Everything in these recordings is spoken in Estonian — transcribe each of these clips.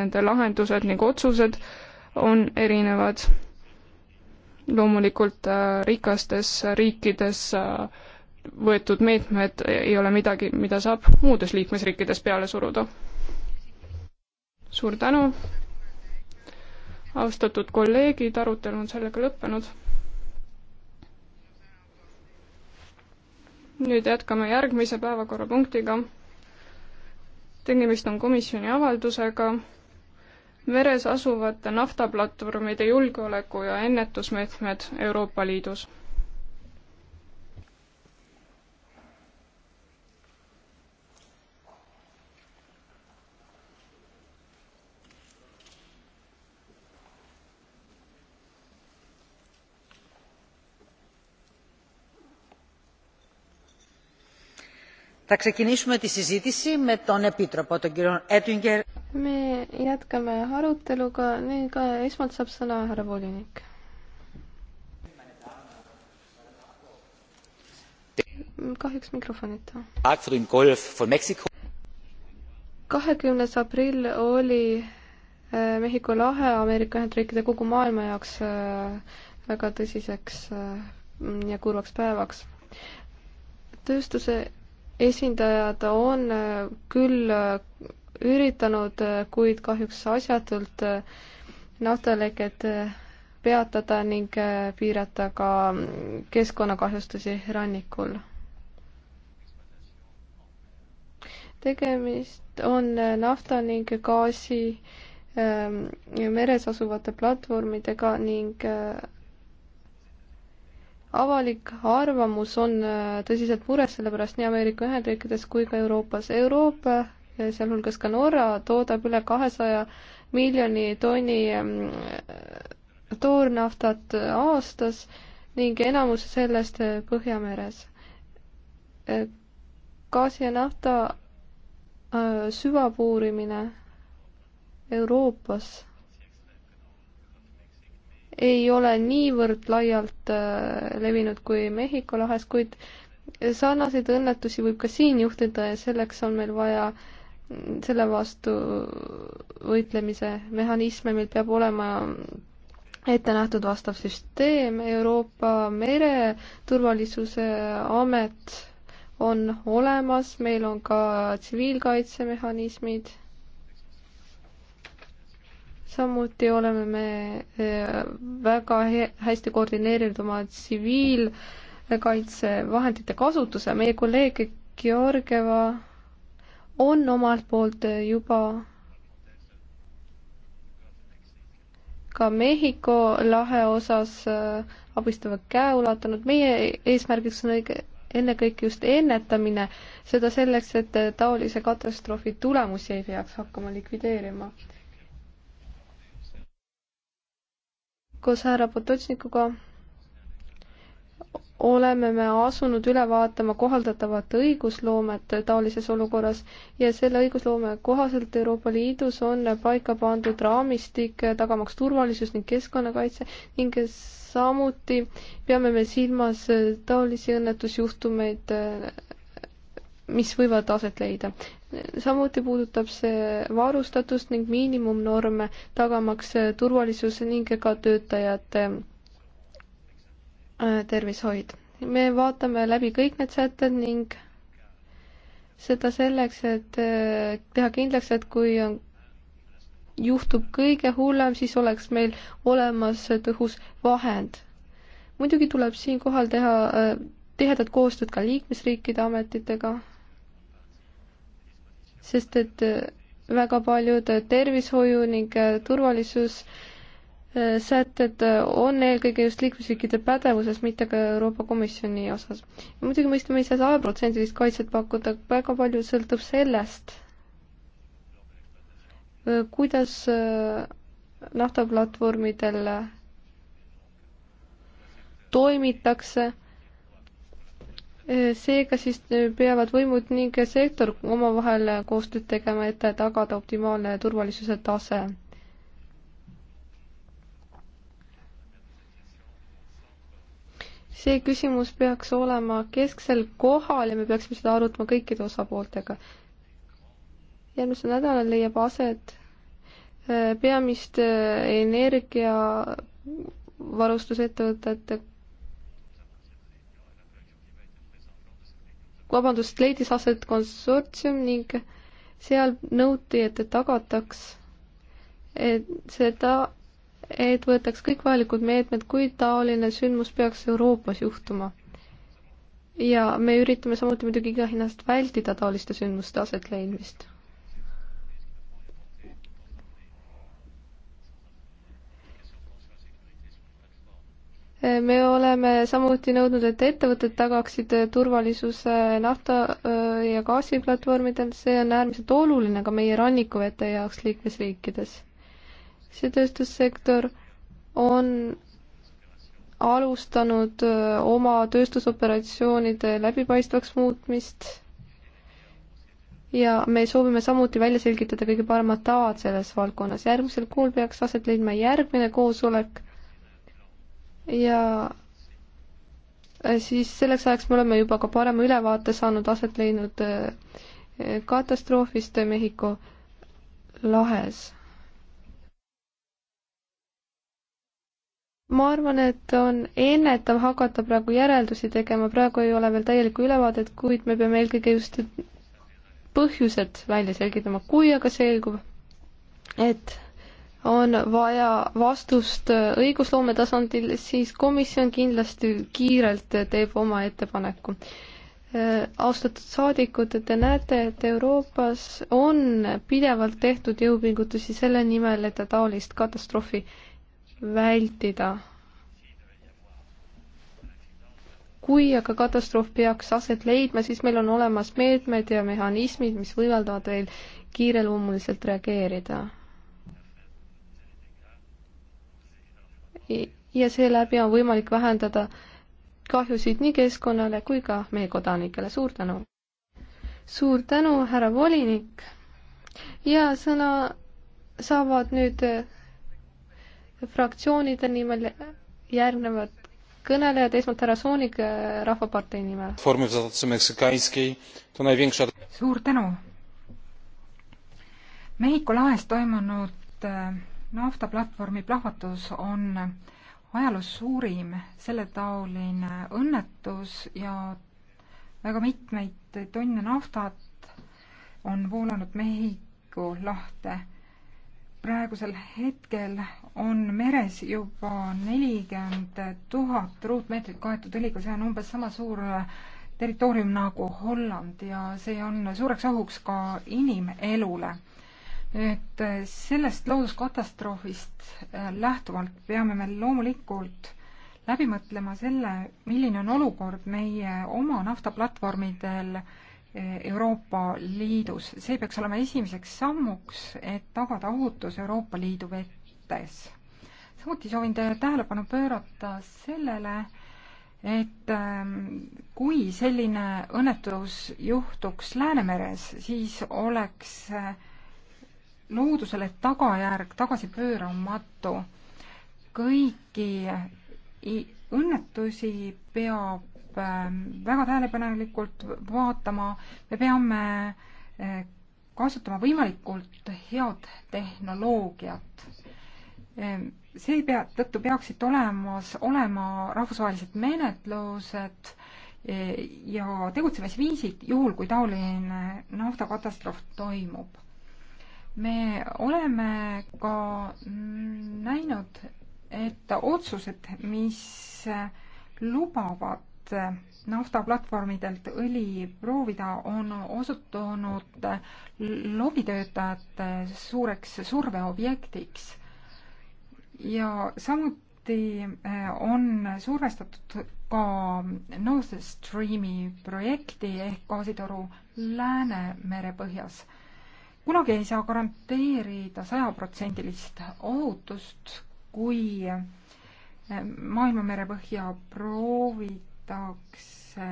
nende lahendused ning otsused on erinevad. loomulikult äh, rikastes riikides äh, võetud meetmed ei ole midagi, mida saab muudes liikmesriikides peale suruda. suur tänu, austatud kolleegid, arutelu on sellega lõppenud nüüd jätkame järgmise päevakorrapunktiga. tegemist on komisjoni avaldusega meres asuvate naftaplatvormide julgeoleku ja ennetusmeetmed Euroopa Liidus Θα ξεκινήσουμε τη συζήτηση με τον Επίτροπο, τον κύριο Έτουγκερ. Me jätkame aruteluga ning esmalt saab sõna härra volinik. kahjuks mikrofonita. kahekümnes aprill oli äh, Mehhiko lahe Ameerika Ühendriikide kogu maailma jaoks äh, väga tõsiseks äh, ja kurvaks päevaks. tööstuse esindajad on äh, küll äh, üritanud, äh, kuid kahjuks asjatult naftaleket peatada ning piirata ka mm, keskkonnakahjustusi rannikul. tegemist on nafta ning gaasi ähm, meres asuvate platvormidega ning avalik arvamus on äh, tõsiselt mures selle pärast nii Ameerika Ühendriikides kui ka Euroopas. Euroopa, sealhulgas ka Norra, toodab üle kahesaja miljoni tonni ähm, toornaftat äh, aastas ning enamus sellest äh, Põhjameres. gaasi ja nafta süvapuurimine Euroopas ei ole niivõrd laialt äh, levinud kui Mehhiko lahes, kuid sarnaseid õnnetusi võib ka siin juhtida ja selleks on meil vaja selle vastu võitlemise mehhanisme, meil peab olema ette nähtud vastav süsteem, Euroopa Mereturvalisuse Amet on olemas, meil on ka tsiviilkaitsemehhanismid samuti oleme me e, väga hästi koordineerinud oma tsiviilkaitsevahendite kasutuse, meie kolleeg Georgieva on omalt poolt juba ka Mehhiko lahe osas e, abistava käe ulatanud. meie eesmärgiks on õige, ennekõike just ennetamine, seda selleks, et taolise katastroofi tulemusi ei peaks hakkama likvideerima koos härra Potočnikuga oleme me asunud üle vaatama kohaldatavat õigusloomet taolises olukorras ja selle õigusloome kohaselt Euroopa Liidus on paika pandud raamistik tagamaks turvalisust ning keskkonnakaitse ning samuti peame me silmas taolisi õnnetusjuhtumeid mis võivad aset leida. samuti puudutab see varustatust ning miinimumnorme, tagamaks turvalisuse ning ka töötajate äh, tervishoid. me vaatame läbi kõik need sätted ning seda selleks, et äh, teha kindlaks, et kui on juhtub kõige hullem, siis oleks meil olemas tõhus vahend. muidugi tuleb siinkohal teha äh, tihedat koostööd ka liikmesriikide ametitega sest et äh, väga paljud äh, tervishoiu ning äh, turvalisus sätted on eelkõige just liikmesriikide pädevuses, mitte ka Euroopa Komisjoni osas. ja muidugi mõistame, ei saa sajaprotsendilist kaitset pakkuda, väga palju sõltub sellest, kuidas naftaplatvormidel toimitakse seega siis äh, peavad võimud ning sektor omavahel koostööd tegema, et tagada optimaalne turvalisuse tase. see küsimus peaks olema kesksel kohal ja me peaksime seda arutama kõikide osapooltega. järgmisel nädalal leiab aset äh, peamiste äh, energiavarustusettevõtete vabandust, leidis aset konsortsium ning seal nõuti, et tagataks et seda, et võetaks kõik vajalikud meetmed, kui taoline sündmus peaks Euroopas juhtuma. ja me üritame samuti muidugi iga hinnast vältida taoliste sündmuste asetleidmist me oleme samuti nõudnud, et ettevõtted tagaksid turvalisuse nafta- ja gaasiplatvormidel, see on äärmiselt oluline ka meie rannikuvete jaoks liikmesriikides. see tööstussektor on alustanud oma tööstusoperatsioonide läbipaistvaks muutmist ja me soovime samuti välja selgitada kõige paremad tavad selles valdkonnas. järgmisel kuul peaks aset leidma järgmine koosolek ja äh, siis selleks ajaks me oleme juba ka parema ülevaate saanud aset leidnud äh, katastroofist Mehhiko lahes. ma arvan, et on ennetav hakata praegu järeldusi tegema, praegu ei ole veel täielikku ülevaadet, kuid me peame eelkõige just põhjused välja selgitama, kui aga selgub, et on vaja vastust õigusloome tasandil, siis komisjon kindlasti kiirelt teeb oma ettepaneku. austatud saadikud, te näete, et Euroopas on pidevalt tehtud jõupingutusi selle nimel, et taolist katastroofi vältida. kui aga katastroof peaks aset leidma, siis meil on olemas meetmed ja mehhanismid, mis võimaldavad veel kiireloomuliselt reageerida ja seeläbi on võimalik vähendada kahjusid nii keskkonnale kui ka meie kodanikele. suur tänu! suur tänu, härra volinik! ja sõna saavad nüüd fraktsioonide nimel järgnevad kõnelejad, esmalt härra Soonik äh, Rahvapartei nimel. suur tänu! Mehhiko lahes toimunud äh, naftaplatvormi plahvatus on ajaloo suurim selletaoline õnnetus ja väga mitmeid tonne naftat on voolanud Mehhiko lahte. praegusel hetkel on meres juba nelikümmend tuhat ruutmeetrit kaetud õliga, see on umbes sama suur territoorium nagu Holland ja see on suureks ohuks ka inimelule et eh, sellest looduskatastroofist eh, lähtuvalt peame me loomulikult läbi mõtlema selle, milline on olukord meie oma naftaplatvormidel eh, Euroopa Liidus. see peaks olema esimeseks sammuks, et tagada ohutus Euroopa Liidu vetes. samuti soovin teie tähelepanu pöörata sellele, et ehm, kui selline õnnetus juhtuks Läänemeres, siis oleks äh, loodusele tagajärg tagasipööramatu. kõiki õnnetusi peab ähm, väga tähelepanelikult vaatama, me peame äh, kasutama võimalikult head tehnoloogiat. Ähm, see pea, tõttu peaksid olemas olema rahvusvahelised menetlused äh, ja tegutsemisviisid juhul, kui taoline naftakatastroof toimub me oleme ka näinud, et otsused, mis lubavad naftaplatvormidelt õli proovida, on osutunud lobitöötajate suureks surveobjektiks. ja samuti eh, on survestatud ka Nord Streami projekti ehk gaasitoru Läänemere põhjas kunagi ei saa garanteerida sajaprotsendilist ohutust, kui eh, maailma merepõhja proovitakse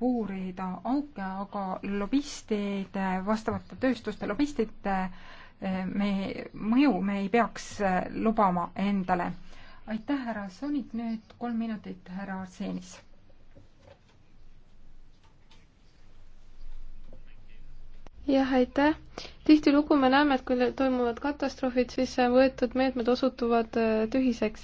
puurida auke, aga lobistide, vastavate tööstuste lobistide eh, me, mõju me ei peaks eh, lubama endale. aitäh, härra Sonik, nüüd kolm minutit härra Arseenis jah, aitäh. tihtilugu me näeme, et kui toimuvad katastroofid, siis äh, võetud meetmed osutuvad äh, tühiseks.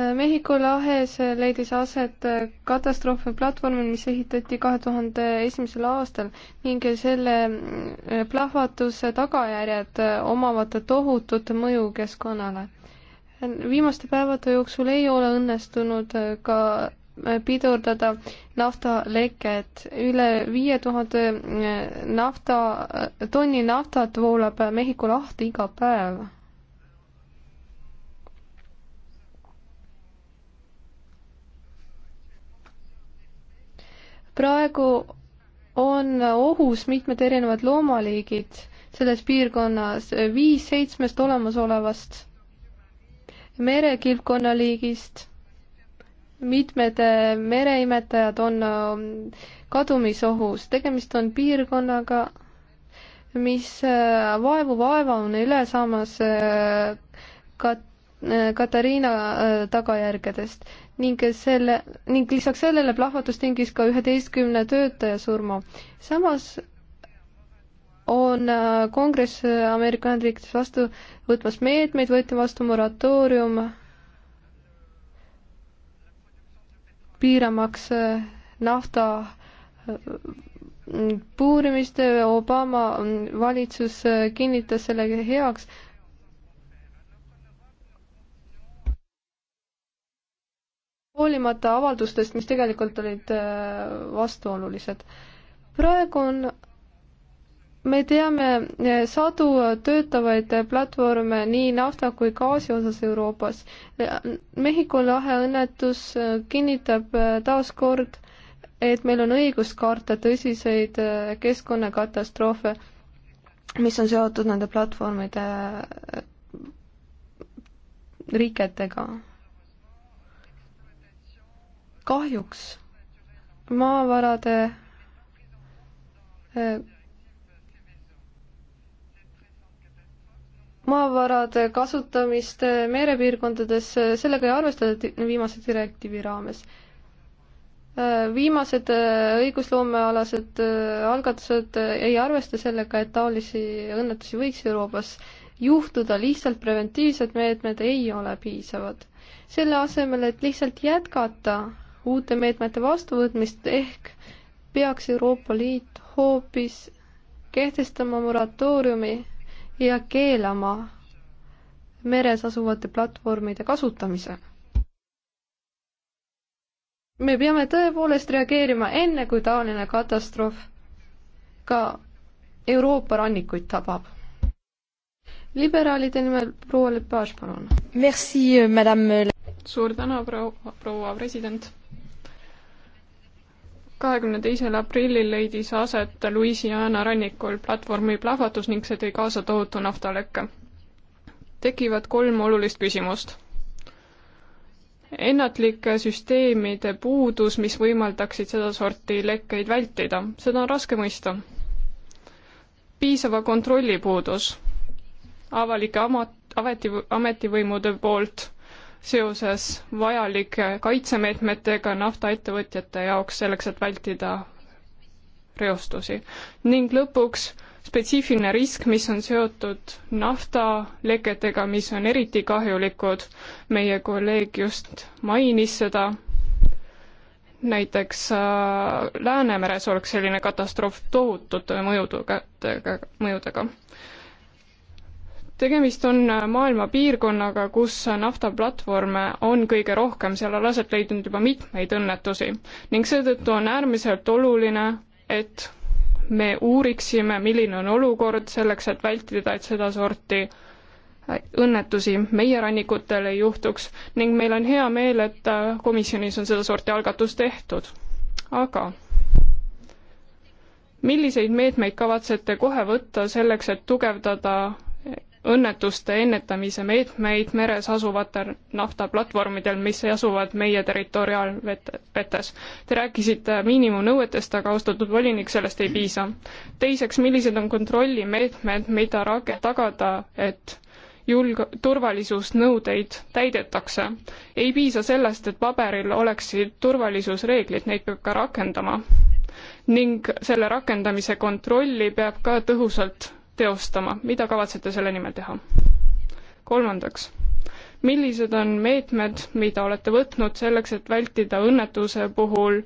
Äh, Mehhiko lahes leidis aset katastroof platvormil, mis ehitati kahe tuhande esimesel aastal ning selle plahvatuse tagajärjed omavad tohutut mõju keskkonnale. viimaste päevade jooksul ei ole õnnestunud ka pidurdada naftaleket. üle viie tuhande eh, nafta, eh, tonni naftat voolab Mehhiko lahti iga päev. praegu on ohus mitmed erinevad loomaliigid selles piirkonnas, viis seitsmest olemasolevast merekilpkonnaliigist mitmed äh, mereimetajad on äh, kadumisohus, tegemist on piirkonnaga, mis äh, vaevu vaeva on üle saamas kat-, Katariina tagajärgedest ning selle, ning lisaks sellele plahvatus tingis ka üheteistkümne töötaja surma. samas on kongress Ameerika Ühendriikides vastu võtmas meetmeid, võeti vastu moratoorium piiramaks eh, nafta eh, puurimist, Obama valitsus eh, kinnitas selle heaks hoolimata avaldustest, mis tegelikult olid vastuolulised. praegu on me teame eh, sadu töötavaid platvorme nii nafta kui gaasi osas Euroopas. Mehhiko lahe õnnetus eh, kinnitab eh, taas kord, et meil on õigus kaarta tõsiseid keskkonnakatastroofe, mis on seotud nende platvormide riketega. kahjuks maavarade maavarade kasutamist merepiirkondades, sellega ei arvestata viimase direktiivi raames. viimased õigusloomealased algatused ei arvesta sellega, et taolisi õnnetusi võiks Euroopas juhtuda, lihtsalt preventiivsed meetmed ei ole piisavad. selle asemel, et lihtsalt jätkata uute meetmete vastuvõtmist, ehk peaks Euroopa Liit hoopis kehtestama moratooriumi ja keelama meres asuvate platvormide kasutamise. me peame tõepoolest reageerima enne, kui taoline katastroof ka Euroopa rannikuid tabab. liberaalide nimel proua Lepage, palun. suur tänu, proua, proua president kahekümne teisel aprillil leidis aset Louisiana rannikul platvormi plahvatus ning see tõi kaasa tohutu naftalekke. tekivad kolm olulist küsimust. ennatlike süsteemide puudus, mis võimaldaksid sedasorti lekkeid vältida, seda on raske mõista. piisava kontrolli puudus avalike amat-, ameti, ametivõimude poolt seoses vajalike kaitsemeetmetega naftaettevõtjate jaoks, selleks et vältida reostusi. ning lõpuks spetsiifiline risk, mis on seotud naftaleketega, mis on eriti kahjulikud, meie kolleeg just mainis seda, näiteks äh, Läänemeres oleks selline katastroof tohutute mõjudega, mõjudega tegemist on äh, maailma piirkonnaga, kus naftaplatvorme on kõige rohkem, seal on aset leidnud juba mitmeid õnnetusi ning seetõttu on äärmiselt oluline, et me uuriksime, milline on olukord selleks, et vältida, et sedasorti äh, õnnetusi meie rannikutel ei juhtuks ning meil on hea meel, et äh, komisjonis on sedasorti algatus tehtud. aga milliseid meetmeid kavatsete kohe võtta selleks, et tugevdada õnnetuste ennetamise meetmeid meres asuvatel naftaplatvormidel, mis asuvad meie territoriaalvetes. Te rääkisite miinimumnõuetest, aga austatud volinik, sellest ei piisa. teiseks, millised on kontrollimeetmed, mida rak-, tagada, et julg-, turvalisusnõudeid täidetakse. ei piisa sellest, et paberil oleksid turvalisusreeglid, neid peab ka rakendama. ning selle rakendamise kontrolli peab ka tõhusalt teostama, mida kavatsete selle nimel teha? kolmandaks, millised on meetmed, mida olete võtnud selleks, et vältida õnnetuse puhul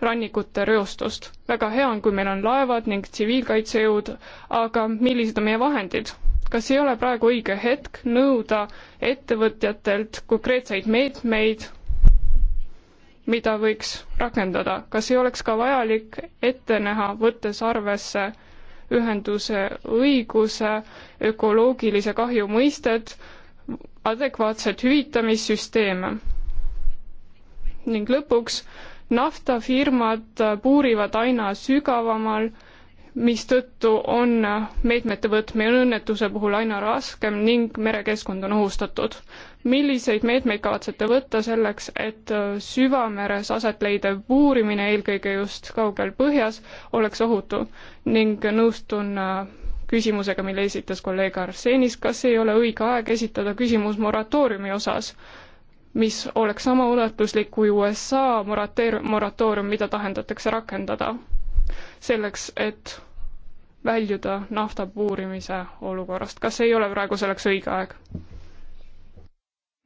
rannikute reostust? väga hea on, kui meil on laevad ning tsiviilkaitsejõud, aga millised on meie vahendid? kas ei ole praegu õige hetk nõuda ettevõtjatelt konkreetseid meetmeid, mida võiks rakendada, kas ei oleks ka vajalik ette näha, võttes arvesse ühenduse õiguse, ökoloogilise kahju mõisted, adekvaatset hüvitamissüsteeme. ning lõpuks, naftafirmad puurivad aina sügavamal, mistõttu on meetmete võtmine õnnetuse puhul aina raskem ning merekeskkond on ohustatud milliseid meetmeid kavatsete võtta selleks, et äh, süvameres aset leidev puurimine, eelkõige just kaugel põhjas, oleks ohutu ning nõustun äh, küsimusega, mille esitas kolleeg Arsenis, kas ei ole õige aeg esitada küsimus moratooriumi osas, mis oleks sama ulatuslik kui USA morateer-, moratoorium, mida tahendatakse rakendada selleks, et väljuda nafta puurimise olukorrast, kas ei ole praegu selleks õige aeg?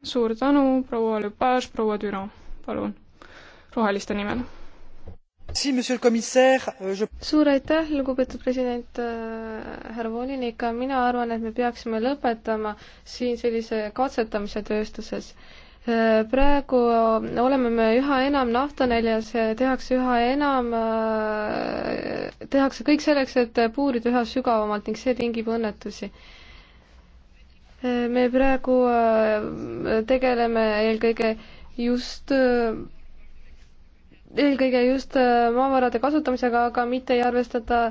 suur tänu, proua Lepage, proua Düro, palun, roheliste nimel. Euh, suur aitäh, lugupeetud president äh, härra volinik, mina arvan, et me peaksime lõpetama siin sellise katsetamise tööstuses äh, praegu oleme me üha enam naftanäljas, tehakse üha enam, äh, tehakse kõik selleks, et puurida üha sügavamalt ning see tingib õnnetusi me praegu äh, tegeleme eelkõige just äh, eelkõige just äh, maavarade kasutamisega, aga mitte ei arvestata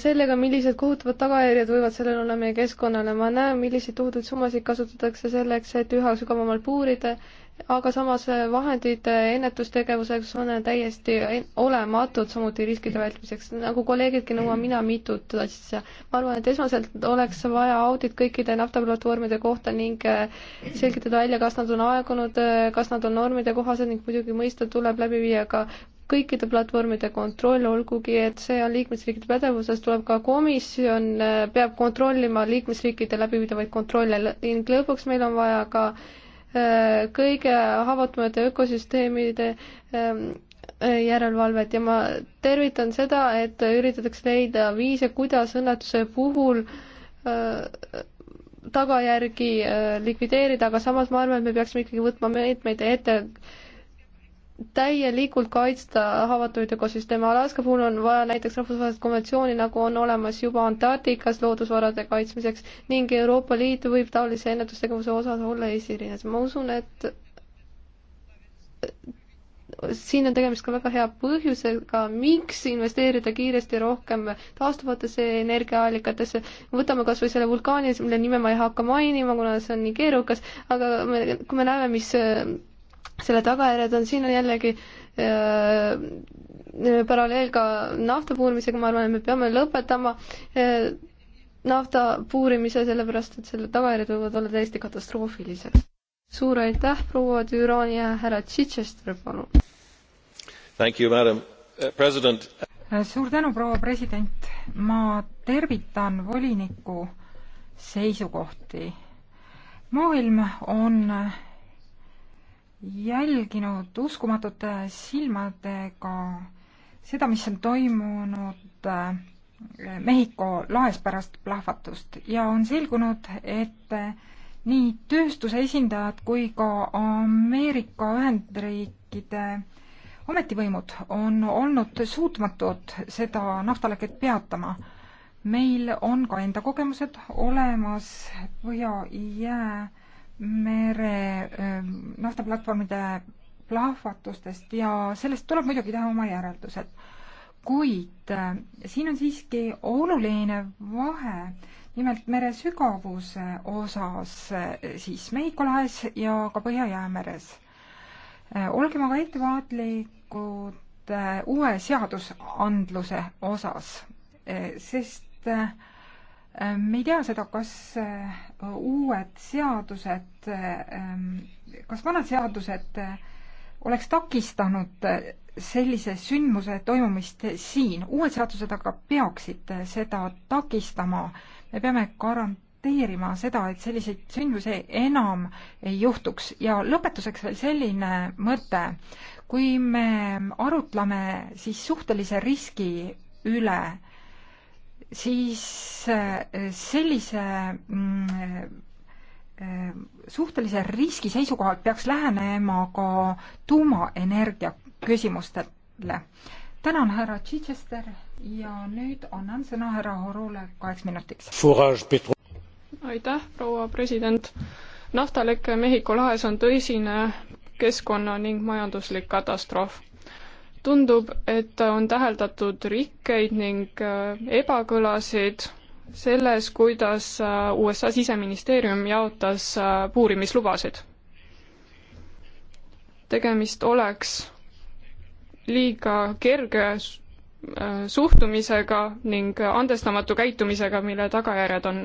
sellega, millised kohutavad tagajärjed võivad sellel olla meie keskkonnale. ma näen, milliseid tohutuid summasid kasutatakse selleks, et üha sügavamalt puurida aga samas eh, vahendid eh, ennetustegevuseks on eh, täiesti olematud, samuti riskide vältimiseks. nagu kolleegidki nõuan mina mitut asja. ma arvan, et esmaselt oleks vaja audit kõikide naftaplatvormide kohta ning selgitada välja, kas nad on aegunud, kas nad on normide kohased ning muidugi mõista tuleb läbi viia ka kõikide platvormide kontroll, olgugi et see on liikmesriikide pädevuses, tuleb ka komisjon, peab kontrollima liikmesriikide läbiviidavaid kontrolle ning lõpuks meil on vaja ka äh, Äh, kõige haavatumate ökosüsteemide ähm, äh, järelevalvet ja ma tervitan seda, et üritatakse leida viise, kuidas õnnetuse puhul äh, tagajärgi likvideerida, aga samas ma arvan, et me peaksime ikkagi võtma meetmeid ette täielikult kaitsta haavatuid ökosüsteeme. Alaska puhul on vaja näiteks rahvusvahelist konventsiooni, nagu on olemas juba Antarktikas loodusvarade kaitsmiseks ning Euroopa Liit võib taolise ennetustegevuse osas olla esirinnas. ma usun, et siin on tegemist ka väga hea põhjusega, miks investeerida kiiresti rohkem taastuvatesse energiaallikatesse. võtame kas või selle vulkaani, mille nime ma ei hakka mainima, kuna see on nii keerukas, aga me, kui me näeme, mis selle tagajärjed on siin on jällegi äh, paralleel ka nafta puurimisega, ma arvan, et me peame lõpetama äh, nafta puurimise, sellepärast et selle tagajärjed võivad olla täiesti katastroofilised. suur aitäh, proua Düran ja härra Chichester, palun. Thank you, madam eh, president. Äh, suur tänu, proua president. ma tervitan voliniku seisukohti. maailm on jälginud uskumatute silmadega seda, mis on toimunud äh, Mehhiko laes pärast plahvatust ja on selgunud, et äh, nii tööstuse esindajad kui ka Ameerika Ühendriikide ametivõimud on olnud suutmatud seda naftaleket peatama. meil on ka enda kogemused olemas Põhja-Jää mere ähm, naftaplatvormide plahvatustest ja sellest tuleb muidugi teha oma järeldused. kuid äh, siin on siiski oluline vahe, nimelt mere sügavuse osas äh, siis Mehhiko lahes ja ka Põhja-Jäämeres. Äh, olgem aga ettevaatlikud uue seadusandluse osas, sest Äh, me ei tea seda, kas äh, uued seadused, ähm, kas vanad seadused äh, oleks takistanud sellise sündmuse toimumist siin, uued seadused aga peaksid seda takistama. me peame garanteerima seda, et selliseid sündmusi enam ei juhtuks ja lõpetuseks veel selline mõte. kui me arutleme siis suhtelise riski üle, siis äh, sellise mm, äh, suhtelise riski seisukohalt peaks lähenema ka tuumaenergia küsimustele. tänan, härra Chichester ja nüüd annan sõna härra Horule kaheks minutiks. aitäh, proua president. naftaleke Mehhiko lahes on tõsine keskkonna ning majanduslik katastroof tundub, et on täheldatud rikkeid ning äh, ebakõlasid selles, kuidas äh, USA siseministeerium jaotas äh, puurimislubasid. tegemist oleks liiga kerge suhtumisega ning andestamatu käitumisega, mille tagajärjed on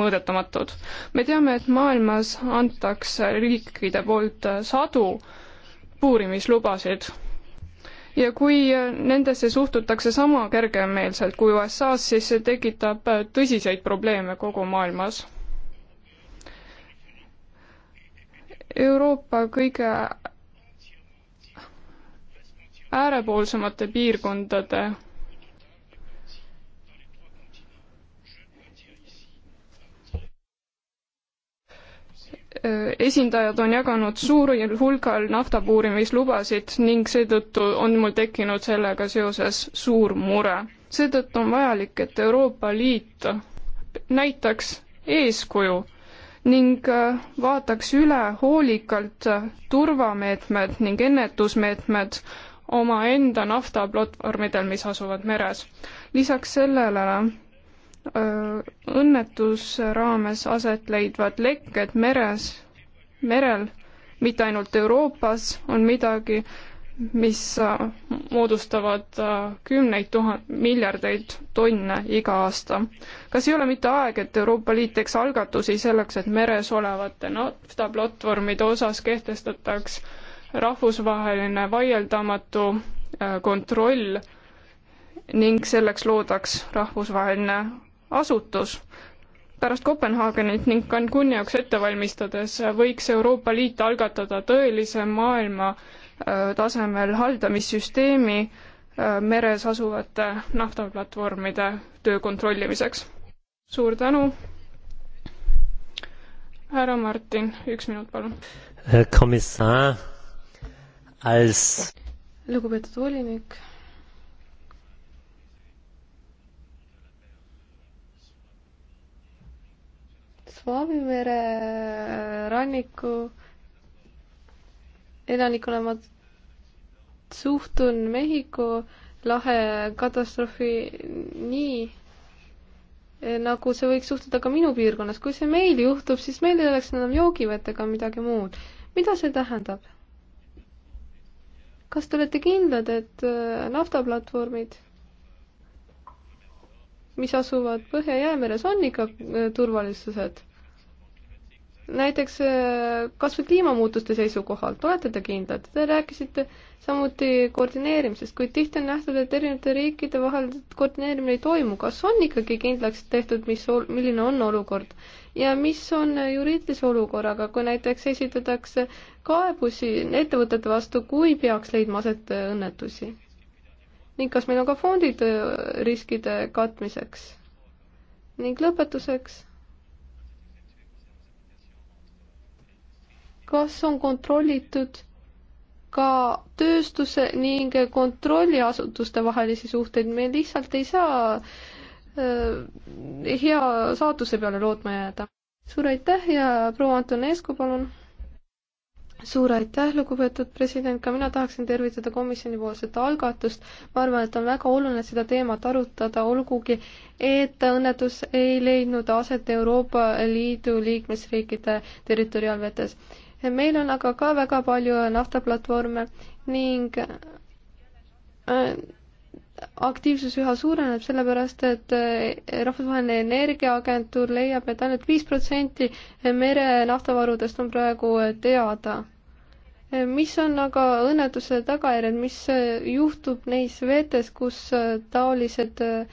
mõõdetamatud. me teame, et maailmas antakse riikide poolt sadu puurimislubasid ja kui äh, nendesse suhtutakse sama kergemeelselt kui USA-s, siis see tekitab äh, tõsiseid probleeme kogu maailmas. Euroopa kõige äärepoolsemate piirkondade esindajad on jaganud suurel hulgal naftapuurimislubasid ning seetõttu on mul tekkinud sellega seoses suur mure. seetõttu on vajalik, et Euroopa Liit näitaks eeskuju ning vaataks üle hoolikalt turvameetmed ning ennetusmeetmed omaenda naftaplatvormidel, mis asuvad meres. lisaks sellele Äh, õnnetuse raames aset leidvad lekked meres, merel, mitte ainult Euroopas, on midagi, mis äh, moodustavad äh, kümneid tuhat, miljardeid tonne iga aasta. kas ei ole mitte aeg, et Euroopa Liit teeks algatusi selleks, et meres olevate naftaplatvormide osas kehtestataks rahvusvaheline vaieldamatu kontroll ning selleks loodaks rahvusvaheline asutus. pärast Kopenhaagenit ning Cancuni jaoks ette valmistades võiks Euroopa Liit algatada tõelise maailma äh, tasemel haldamissüsteemi äh, meres asuvate naftaplatvormide töö kontrollimiseks. suur tänu. härra Martin, üks minut, palun. komissar, als lugupeetud volinik Vaavi mere äh, ranniku elanikule ma suhtun Mehhiko lahe katastroofi nii, äh, nagu see võiks suhtuda ka minu piirkonnas. kui see meil juhtub, siis meil ei oleks enam joogivett ega midagi muud. mida see tähendab? kas te olete kindlad, et äh, naftaplatvormid, mis asuvad Põhja-Jäämeres, on ikka turvalisused? näiteks äh, kas või kliimamuutuste seisukohalt, olete te kindlad? Te rääkisite samuti koordineerimisest, kuid tihti on nähtud, et erinevate riikide vahel koordineerimine ei toimu. kas on ikkagi kindlaks tehtud, mis, milline on olukord ja mis on juriidilise olukorraga, kui näiteks esitatakse kaebusi ettevõtete vastu, kui peaks leidma aset õnnetusi? ning kas meil on ka fondid äh, riskide katmiseks? ning lõpetuseks kas on kontrollitud ka tööstuse ning kontrolliasutuste vahelisi suhteid, me lihtsalt ei saa äh, hea saatuse peale lootma jääda. suur aitäh ja proua Antonescu, palun. suur aitäh, lugupeetud president, ka mina tahaksin tervitada komisjonipoolset algatust. ma arvan, et on väga oluline seda teemat arutada, olgugi et õnnetus ei leidnud aset Euroopa Liidu liikmesriikide territoriaalvetes meil on aga ka väga palju naftaplatvorme ning äh, aktiivsus üha suureneb, sellepärast et äh, Rahvusvaheline Energiaagentuur leiab, et ainult viis protsenti mere naftavarudest on praegu teada. mis on aga õnnetuse tagajärjed, mis äh, juhtub neis vetes, kus taolised äh,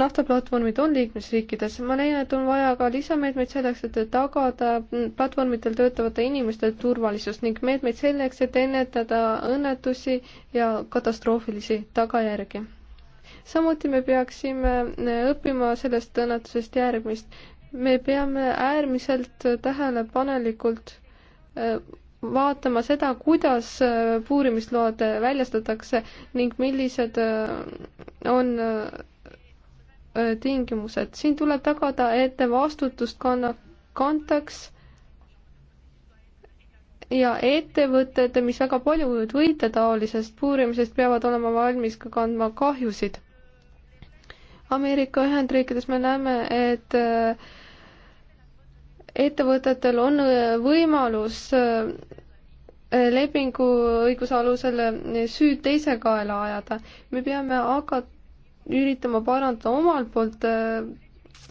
naftaplatvormid on liikmesriikides, ma leian, et on vaja ka lisameetmeid selleks, et tagada platvormidel töötavate inimeste turvalisust ning meetmeid selleks, et ennetada õnnetusi ja katastroofilisi tagajärgi. samuti me peaksime õppima sellest õnnetusest järgmist. me peame äärmiselt tähelepanelikult äh, vaatama seda, kuidas äh, puurimisload äh, väljastatakse ning millised on tingimused. siin tuleb tagada, et vastutust kanna, kantaks ja ettevõtted, mis väga palju võivad võita taolisest puurimisest, peavad olema valmis ka kandma kahjusid. Ameerika Ühendriikides me näeme, et äh, ettevõtetel on äh, võimalus äh, lepingu õiguse alusel süüd teise kaela ajada. me peame aga üritama parandada omalt poolt äh,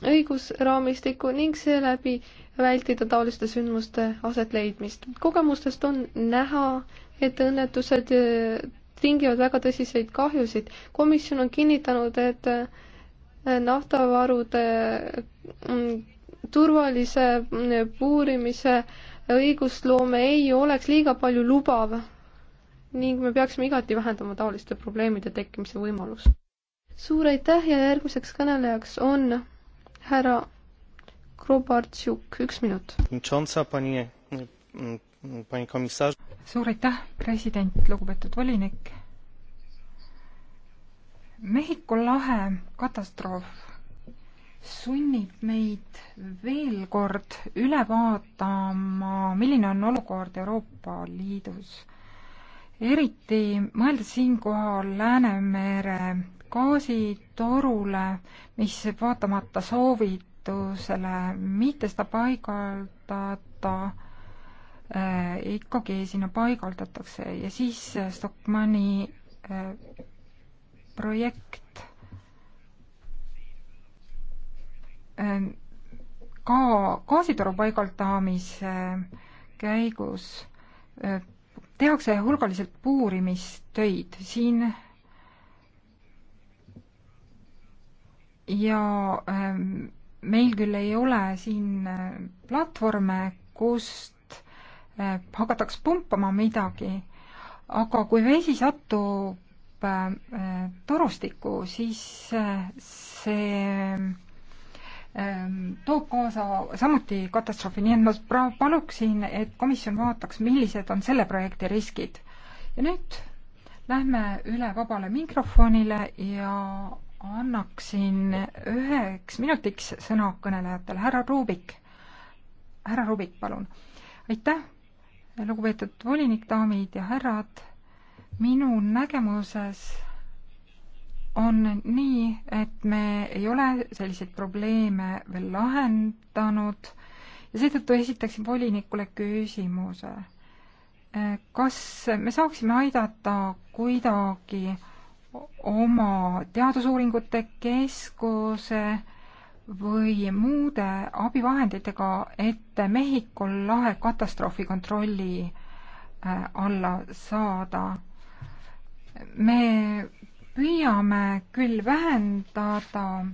õigusraamistikku ning seeläbi vältida taoliste sündmuste asetleidmist. kogemustest on näha, et õnnetused äh, tingivad väga tõsiseid kahjusid. komisjon on kinnitanud, et äh, naftavarude mm, turvalise mm, puurimise õigusloome ei oleks liiga palju lubav ning me peaksime igati vähendama taoliste probleemide tekkimise võimalust suur aitäh ja järgmiseks kõnelejaks on härra Grobartšuk, üks minut. suur aitäh, president, lugupeetud volinik. Mehhiko lahe katastroof sunnib meid veel kord üle vaatama, milline on olukord Euroopa Liidus. eriti mõeldes siinkohal Läänemere gaasitorule, mis vaatamata soovitusele mitte seda paigaldada, eh, ikkagi sinna paigaldatakse ja siis eh, Stockmanni eh, projekt ka gaasitoru paigaldamise käigus tehakse hulgaliselt puurimistöid, siin ja ähm, meil küll ei ole siin äh, platvorme, kust äh, hakataks pumpama midagi, aga kui vesi satub äh, torustikku, siis see ähm, toob kaasa samuti katastroofi, nii et ma paluksin, et komisjon vaataks, millised on selle projekti riskid. ja nüüd lähme üle vabale mikrofonile ja annaksin üheks minutiks sõna kõnelejatele. härra Rubik, härra Rubik, palun. aitäh, lugupeetud volinik, daamid ja härrad. minu nägemuses on nii, et me ei ole selliseid probleeme veel lahendanud ja seetõttu esitaksin volinikule küsimuse. kas me saaksime aidata kuidagi äh, oma teadusuuringute keskuse või muude abivahenditega, et Mehhiko lahe katastroofi kontrolli äh, alla saada. me püüame küll vähendada äh,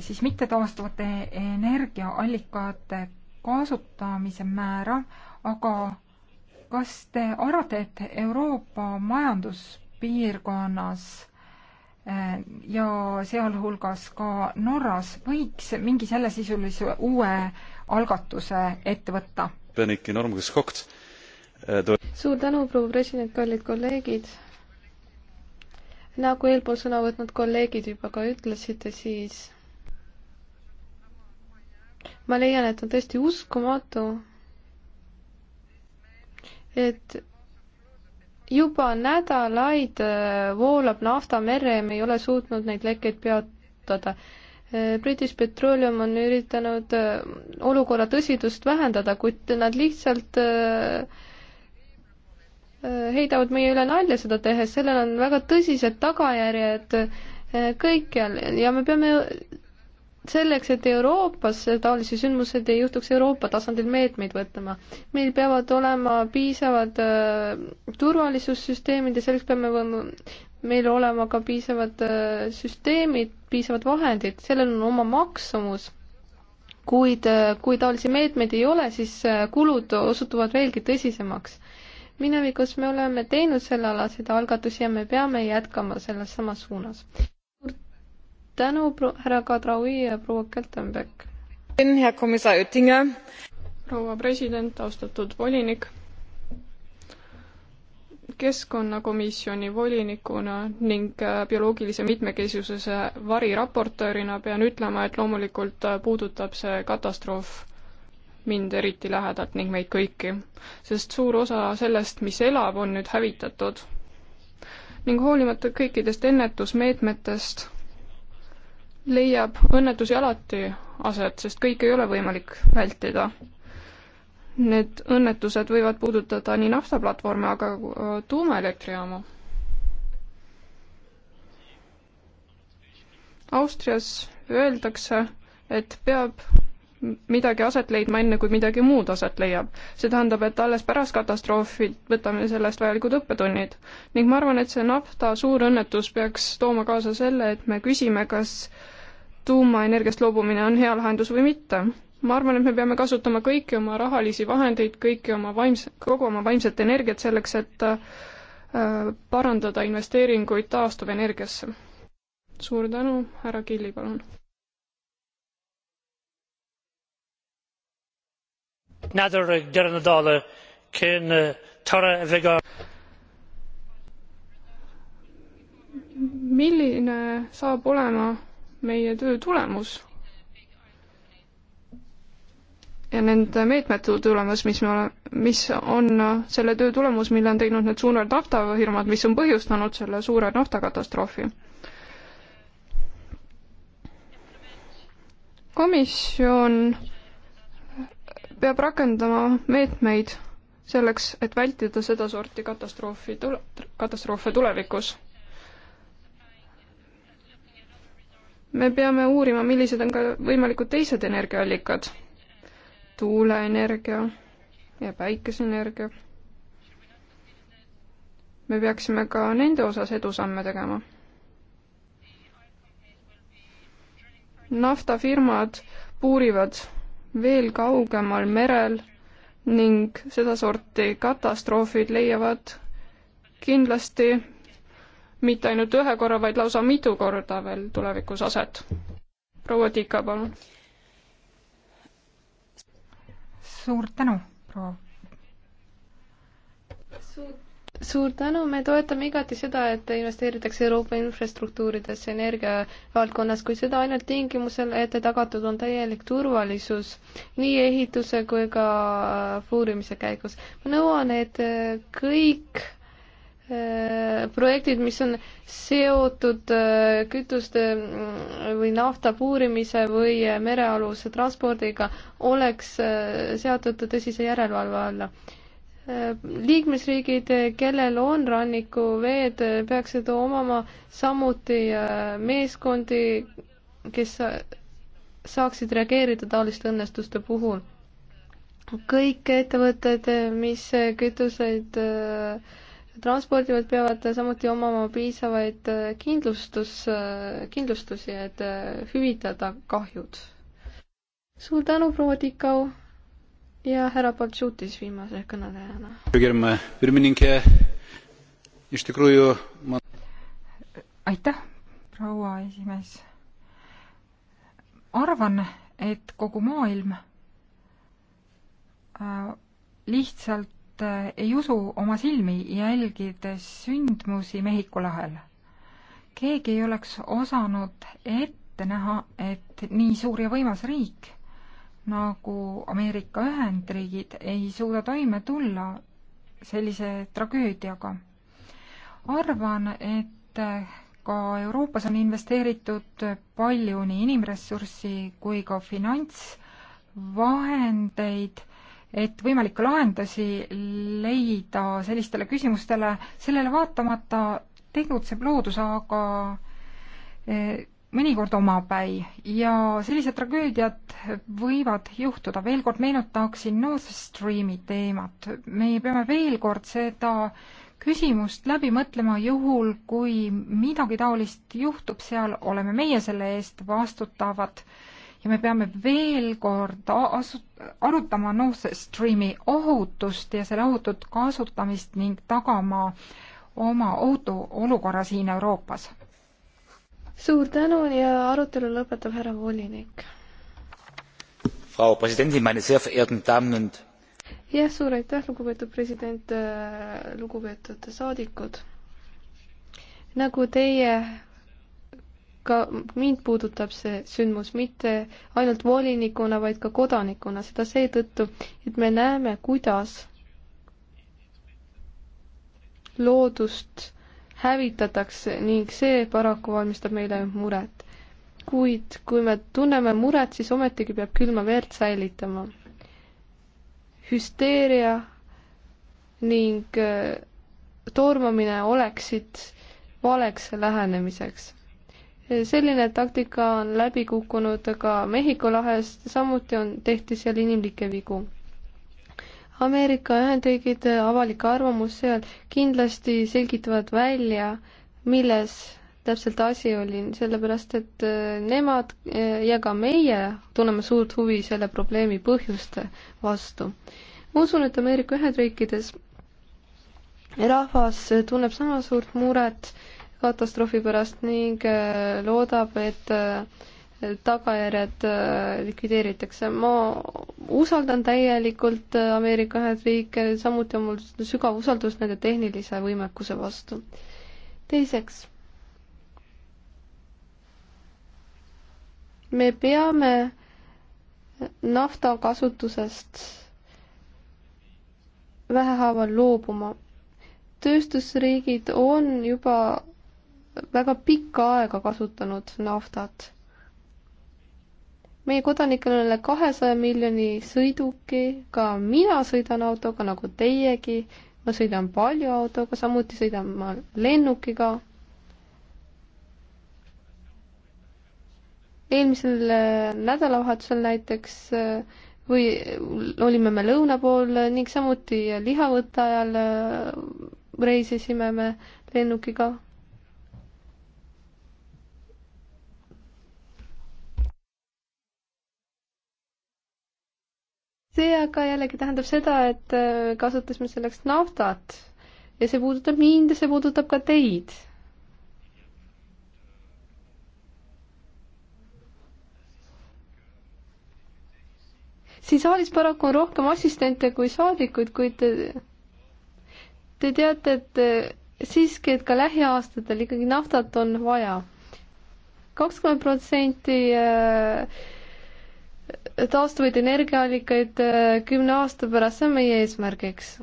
siis mittetaastuvate energiaallikate kasutamise määra, aga kas te arvate, et Euroopa majandus piirkonnas eh, ja sealhulgas ka Norras võiks mingi sellesisulise uue algatuse ette võtta. Eh, suur tänu, proua president, kallid kolleegid. nagu eelpool sõna võtnud kolleegid juba ka ütlesite, siis ma leian, et on tõesti uskumatu, et juba nädalaid äh, voolab nafta merre ja me ei ole suutnud neid lekkeid peatada. Äh, British Petroleum on üritanud äh, olukorra tõsidust vähendada, kuid nad lihtsalt heidavad meie üle nalja seda tehes, sellel on väga tõsised tagajärjed kõikjal ja me peame selleks, et Euroopas taolisi sündmuseid ei juhtuks, Euroopa tasandil meetmeid võtma. meil peavad olema piisavad äh, turvalisussüsteemid ja selleks peame võima, meil olema ka piisavad äh, süsteemid, piisavad vahendid, sellel on oma maksumus, kuid äh, kui taolisi meetmeid ei ole, siis äh, kulud osutuvad veelgi tõsisemaks. minevikus me oleme teinud sellealaseid algatusi ja me peame jätkama selles samas suunas tänu, härra Kadraui ja proua Keltenbeck. hea komisjon Oettinger. proua president, austatud volinik. keskkonnakomisjoni volinikuna ning äh, bioloogilise mitmekesisuse variraportöörina pean ütlema, et loomulikult äh, puudutab see katastroof mind eriti lähedalt ning meid kõiki, sest suur osa sellest, mis elab, on nüüd hävitatud. ning hoolimata kõikidest ennetusmeetmetest leiab õnnetusi alati aset, sest kõike ei ole võimalik vältida. Need õnnetused võivad puudutada nii naftaplatvorme, aga ka äh, tuumaelektrijaamu. Austrias öeldakse, et peab midagi aset leidma, enne kui midagi muud aset leiab. see tähendab, et alles pärast katastroofi võtame sellest vajalikud õppetunnid. ning ma arvan, et see nafta suur õnnetus peaks tooma kaasa selle, et me küsime, kas tuumaenergiast loobumine on hea lahendus või mitte. ma arvan, et me peame kasutama kõiki oma rahalisi vahendeid, kõiki oma vaimse, kogu oma vaimset energiat selleks, et äh, parandada investeeringuid taastuvenergiasse. suur tänu, härra Killi, palun! milline saab olema meie töö tulemus? ja nende meetmete tulemus, mis me oleme, mis on selle töö tulemus, mille on teinud need suured naftafirmad, mis on põhjustanud selle suure naftakatastroofi. komisjon peab rakendama meetmeid selleks, et vältida sedasorti katastroofi tule-, katastroofe tulevikus. me peame uurima, millised on ka võimalikud teised energiaallikad, tuuleenergia ja päikeseenergia. me peaksime ka nende osas edusamme tegema. naftafirmad puurivad veel kaugemal merel ning sedasorti katastroofid leiavad kindlasti mitte ainult ühe korra, vaid lausa mitu korda veel tulevikus aset. proua Tiika, palun. suur tänu, proua. suur suur tänu, me toetame igati seda, et investeeritakse Euroopa infrastruktuuridesse energia valdkonnas, kuid seda ainult tingimusel, et tagatud on täielik turvalisus nii ehituse kui ka äh, puurimise käigus. ma nõuan, et äh, kõik äh, projektid, mis on seotud kütuste mm, või nafta puurimise või merealuse transpordiga, oleks seatud tõsise järelevalve alla liikmesriigid, kellel on rannikuveed, peaksid omama samuti äh, meeskondi, kes saaksid reageerida taoliste õnnestuste puhul. kõik ettevõtted, mis kütuseid äh, transpordivad, peavad samuti omama piisavaid äh, kindlustus, kindlustusi, et hüvitada kahjud. suur tänu, proua Tikau! ja härra Baltšutis viimase kõnelejana. aitäh, proua esimees. arvan, et kogu maailm äh, lihtsalt äh, ei usu oma silmi, jälgides sündmusi Mehhiko lahel. keegi ei oleks osanud ette näha, et nii suur ja võimas riik nagu Ameerika Ühendriigid ei suuda toime tulla sellise tragöödiaga. arvan, et ka Euroopas on investeeritud palju nii inimressurssi kui ka finantsvahendeid, et võimalikke lahendusi leida sellistele küsimustele, sellele vaatamata tegutseb loodus aga eh, mõnikord omapäi ja sellised tragöödiad võivad juhtuda. veel kord meenutaksin Nord Streami teemat. me peame veel kord seda küsimust läbi mõtlema juhul, kui midagi taolist juhtub, seal oleme meie selle eest vastutavad ja me peame veel kord asu-, arutama Nord Streami ohutust ja selle ohutut kasutamist ning tagama oma ohutu olukorra siin Euroopas suur tänu ja arutelu lõpetab härra volinik. Frau Präsidentin, meine sehr verehrten Damen und jah, suur aitäh, lugupeetud president, äh, lugupeetud saadikud. nagu teie, ka mind puudutab see sündmus mitte ainult volinikuna, vaid ka kodanikuna, seda seetõttu, et me näeme, kuidas loodust hävitatakse ning see paraku valmistab meile muret. kuid kui me tunneme muret, siis ometigi peab külma verd säilitama. hüsteeria ning äh, toormamine oleksid valeks lähenemiseks. selline taktika on läbi kukkunud ka Mehhiko lahes, samuti on, tehti seal inimlikke vigu Ameerika Ühendriigid, avalik arvamus seal kindlasti selgitavad välja, milles täpselt asi oli, sellepärast et äh, nemad äh, ja ka meie tunneme suurt huvi selle probleemi põhjuste vastu. ma usun, et Ameerika Ühendriikides rahvas tunneb sama suurt muret katastroofi pärast ning äh, loodab, et tagajärjed likvideeritakse. ma usaldan täielikult äh, Ameerika Ühendriike, samuti on mul sügav usaldus nende tehnilise võimekuse vastu. teiseks, me peame nafta kasutusest vähehaaval loobuma. tööstusriigid on juba väga pikka aega kasutanud naftat meie kodanikel on üle kahesaja miljoni sõiduki, ka mina sõidan autoga nagu teiegi, ma sõidan palju autoga, samuti sõidan ma lennukiga. eelmisel äh, nädalavahetusel näiteks äh, või olime me lõuna pool ning samuti lihavõtte ajal äh, reisisime me lennukiga see aga jällegi tähendab seda, et äh, kasutasime selleks naftat ja see puudutab mind ja see puudutab ka teid. siin saalis paraku on rohkem assistente kui saadikuid, kuid te, äh, te teate, et äh, siiski, et ka lähiaastatel ikkagi naftat on vaja. kakskümmend protsenti taastuvaid energiaallikaid äh, kümne aasta pärast, see on meie eesmärgiks.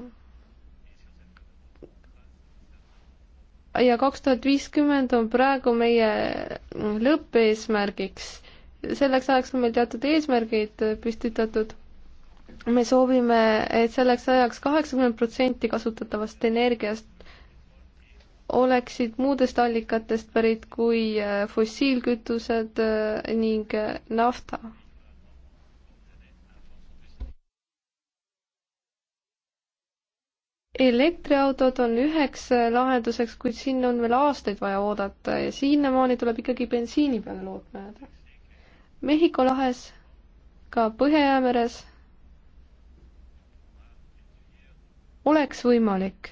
ja kaks tuhat viiskümmend on praegu meie lõppeesmärgiks. selleks ajaks on meil teatud eesmärgid püstitatud. me soovime, et selleks ajaks kaheksakümmend protsenti kasutatavast energiast oleksid muudest allikatest pärit kui äh, fossiilkütused äh, ning nafta elektriautod on üheks äh, lahenduseks, kuid siin on veel aastaid vaja oodata ja sinnamaani tuleb ikkagi bensiini peale lootma jääda. Mehhiko lahes, ka Põhja-Jäämeres oleks võimalik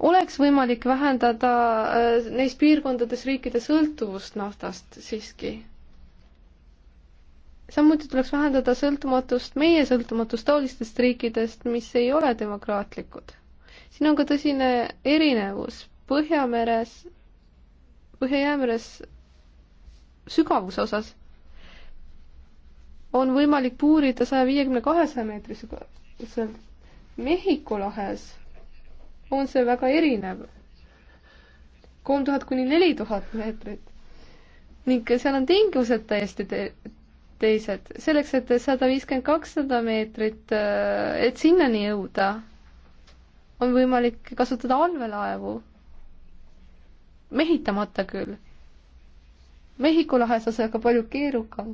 oleks võimalik vähendada äh, neis piirkondades riikide sõltuvust naftast siiski samuti tuleks vähendada sõltumatust, meie sõltumatust taolistest riikidest, mis ei ole demokraatlikud. siin on ka tõsine erinevus Põhjameres, Põhja-Jäämeres sügavuse osas on võimalik puurida saja viiekümne kahesaja meetri sügavuselt. Mehhiko lahes on see väga erinev, kolm tuhat kuni neli tuhat meetrit ning seal on tingimused täiesti te teised, selleks, et sada viiskümmend, kakssada meetrit, äh, et sinnani jõuda, on võimalik kasutada allveelaevu. mehitamata küll. Mehhiko lahes on see aga palju keerukam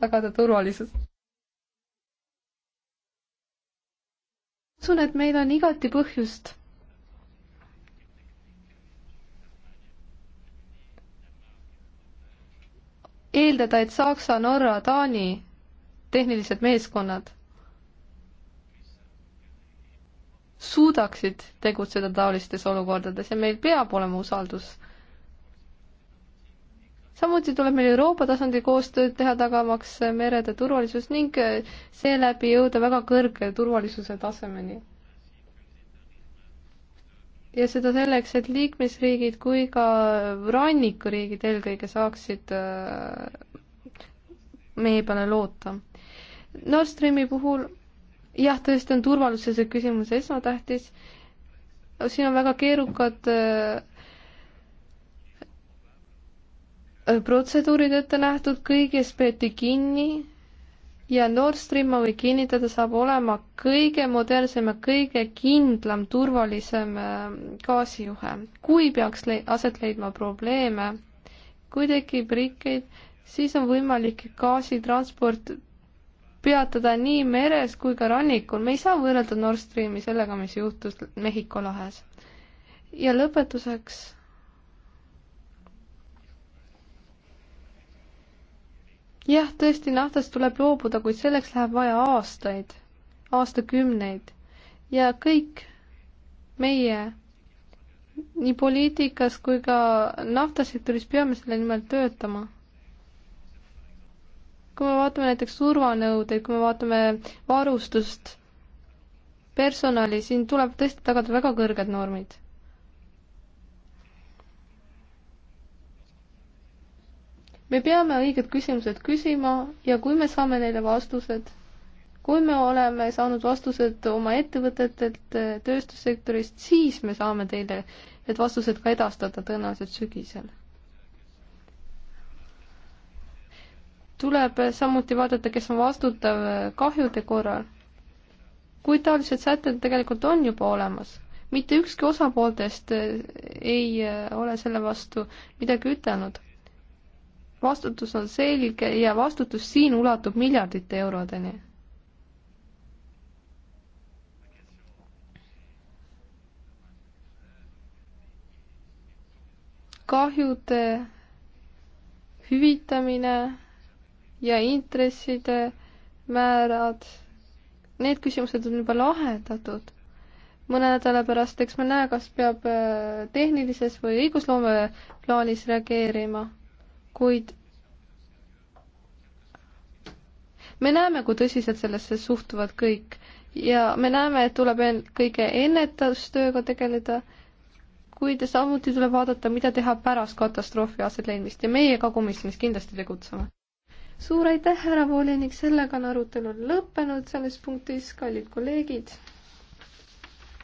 tagada turvalisus. usun, et meil on igati põhjust eeldada, et Saksa, Norra, Taani tehnilised meeskonnad suudaksid tegutseda taolistes olukordades ja meil peab olema usaldus. samuti tuleb meil Euroopa tasandi koostööd teha, tagamaks merede turvalisust ning seeläbi jõuda väga kõrge turvalisuse tasemeni ja seda selleks, et liikmesriigid kui ka rannikuriigid eelkõige saaksid äh, meie peale loota. Nord Streami puhul jah, tõesti on turvalisuse küsimus esmatähtis, siin on väga keerukad äh, protseduurid ette nähtud, kõigest peeti kinni ja Nord Stream, ma võin kinnitada, saab olema kõige modernsem ja kõige kindlam, turvalisem äh, gaasijuhe. kui peaks le aset leidma probleeme, kui tekib rikkeid, siis on võimalik gaasitransport peatada nii meres kui ka rannikul. me ei saa võrrelda Nord Streami sellega, mis juhtus Mehhiko lahes. ja lõpetuseks jah, tõesti, naftast tuleb loobuda, kuid selleks läheb vaja aastaid, aastakümneid ja kõik meie nii poliitikas kui ka naftasektoris peame selle nimel töötama. kui me vaatame näiteks turvanõudeid, kui me vaatame varustust, personali, siin tuleb tõesti tagada väga kõrged normid me peame õiged küsimused küsima ja kui me saame neile vastused, kui me oleme saanud vastused oma ettevõtetelt, tööstussektorist, siis me saame teile need vastused ka edastada tõenäoliselt sügisel. tuleb samuti vaadata, kes on vastutav kahjude korral. kuid taolised sätted tegelikult on juba olemas mitte ükski osapooltest ei ole selle vastu midagi ütelnud vastutus on selge ja vastutus siin ulatub miljardite eurodeni. kahjude hüvitamine ja intresside määrad, need küsimused on juba lahendatud mõne nädala pärast, eks me näe, kas peab äh, tehnilises või õigusloome plaanis reageerima kuid me näeme, kui tõsiselt sellesse suhtuvad kõik ja me näeme, et tuleb kõige ennetustööga tegeleda, kuid samuti tuleb vaadata, mida teha pärast katastroofi aset leidmist ja meie ka komisjonis kindlasti tegutseme. suur aitäh, härra volinik, sellega on arutelu lõppenud selles punktis, kallid kolleegid